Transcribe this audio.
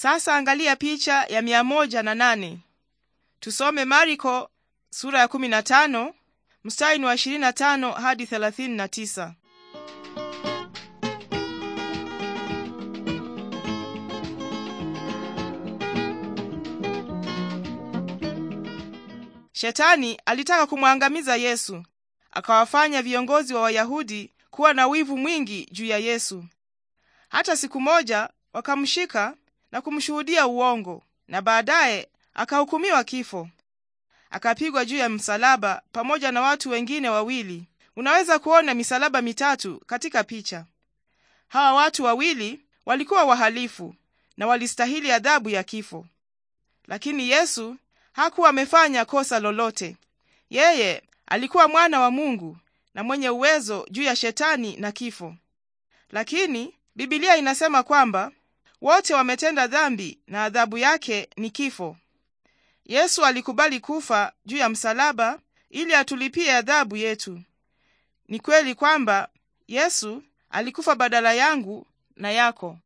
Sasa angalia picha ya mia moja na nane. Tusome Mariko sura ya tano mstari wa tano hadi tisa. Shetani alitaka kumwangamiza Yesu, akawafanya viongozi wa Wayahudi kuwa na wivu mwingi juu ya Yesu. Hata siku moja wakamshika na kumshuhudia uongo, na baadaye akahukumiwa kifo. Akapigwa juu ya msalaba pamoja na watu wengine wawili. Unaweza kuona misalaba mitatu katika picha. Hawa watu wawili walikuwa wahalifu na walistahili adhabu ya kifo, lakini Yesu hakuwa amefanya kosa lolote. Yeye alikuwa mwana wa Mungu na mwenye uwezo juu ya shetani na kifo. Lakini Biblia inasema kwamba wote wametenda dhambi na adhabu yake ni kifo. Yesu alikubali kufa juu ya msalaba ili atulipie adhabu yetu. Ni kweli kwamba Yesu alikufa badala yangu na yako.